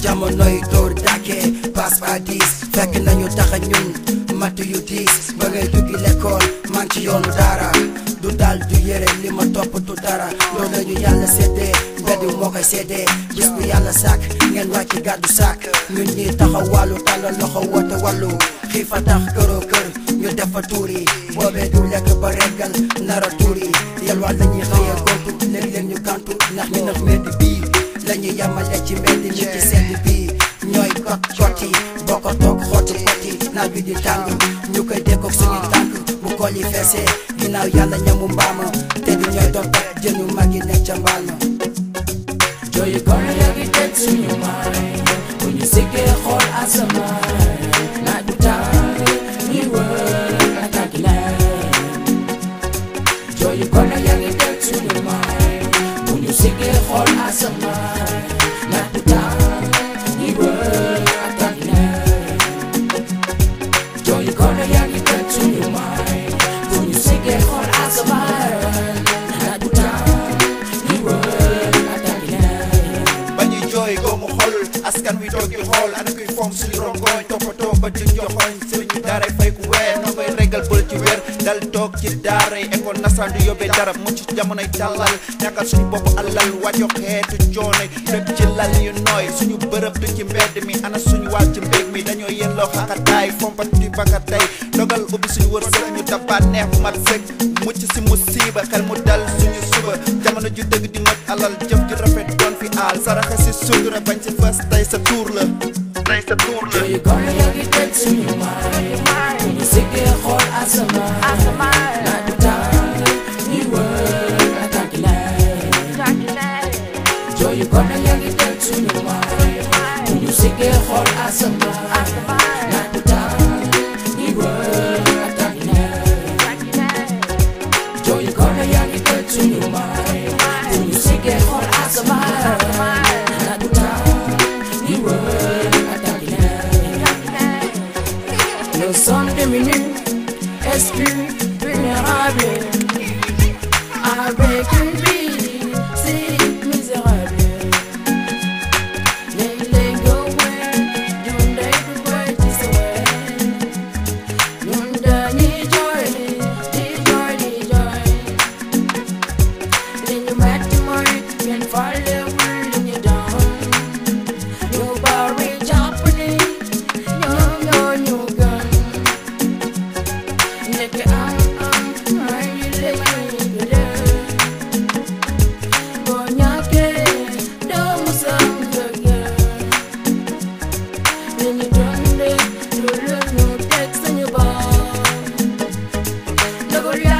jamonoy dóor dàkke paas fa diis fekk nañu taxa ñun matt yu diis ba ngay duggi lekkool man ci yoonu daara du dal du yére li ma toppatu dara loolu lañu yàlla seddee mbeddi moo koy seddee gis bu yàlla sàkk ngeen wàcc gàddu sàkk ñun ñi taxaw wàllu tàllal loxo woote wàllu xiifa tax këroo faturi boobee du lekk ba reggal nara tuuri yalwaan la ñuy xëyee gontu léeg-léeg ñu kantu nak ñu nak metti bi la yamal ya ci metti ñu ci sedd bi ñoy kot koti boko tok xoti xoti na bi di tang ñu koy dekkoog suñu tànk bu ko li feesee ginaaw yalla ñamu mbama te di ñoy doon kat jënu mag yi nekk ca mbaal ma jooyu kon yaa tek suñu maay nangita tunumay Bunyusike khol asamay Nakuta iwe atakne Joy kona yangita tunumay Bunyusike khol asamay Nakuta iwe atakne Banyi joy gomo khol Askan wi dogi khol Anakuy fom suli rongoy Topoto bajin yo hoin tokki daara e ko nasandu yoɓe dara jamono ay dalal ñaka suñu bopp alal wajo xeetu jone, lépp ci lal yu noy suñu beurep du ci mbedd mi ana suñu wal ci mbég mi dañoo lo xaka tay fompat du baka tay dogal ubbi suñu wërsëg ñu dabaat neex ma fek mu ci si musiba xel mu dal suñu suba jamono ju deug di mat alal jëm ci rafet don fi aal saraxa si sutura bañ ci fas tay sa tour la tay sa tour la for Asama. Asama. Not the time, Joy, you come and you get to know why. When Asama. Asama. Not the time, new world, I can't deny. Joy, you come and you get to know why. When you sing it for Est-ce que exclus, vulnérables, avec une vie. Double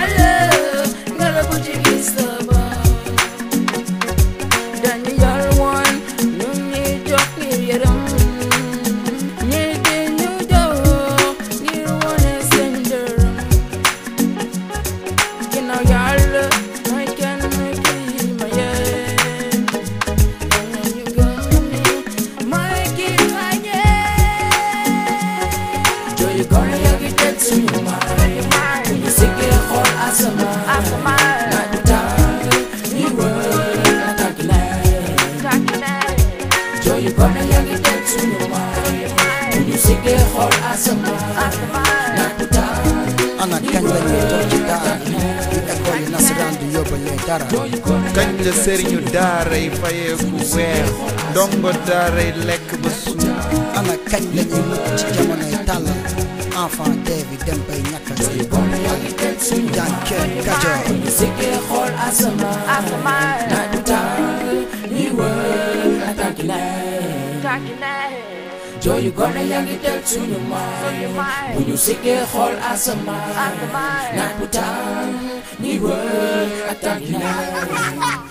yaa ngi teg suñu maay bu ñu siggee xool asamaan naaj bu tàng ñuy wër tàkk naay jooyu gone yaa ngi teg suñu maay bu ñu siggee xool asamaan naaj bu tàng ana kañ la ñuy toog ci daara yu école yi nasaraan di yóbbalee dara kañ la sëriñu daara yi fayee ku weex ndongo daara yi lekk ba suur ana kañ la ñuy mucc ci enfant David dem bay ñàkkal seen bopp suñ daan kenn kajoor ñu sikkee xool asamaan asamaan naaj bu tàng ñuy wër ataki neex you neex jooyu gone yaa ngi del suñu maay bu ñu sikkee xool asamaan asamaan naaj bu tàng ñuy wër ataki neex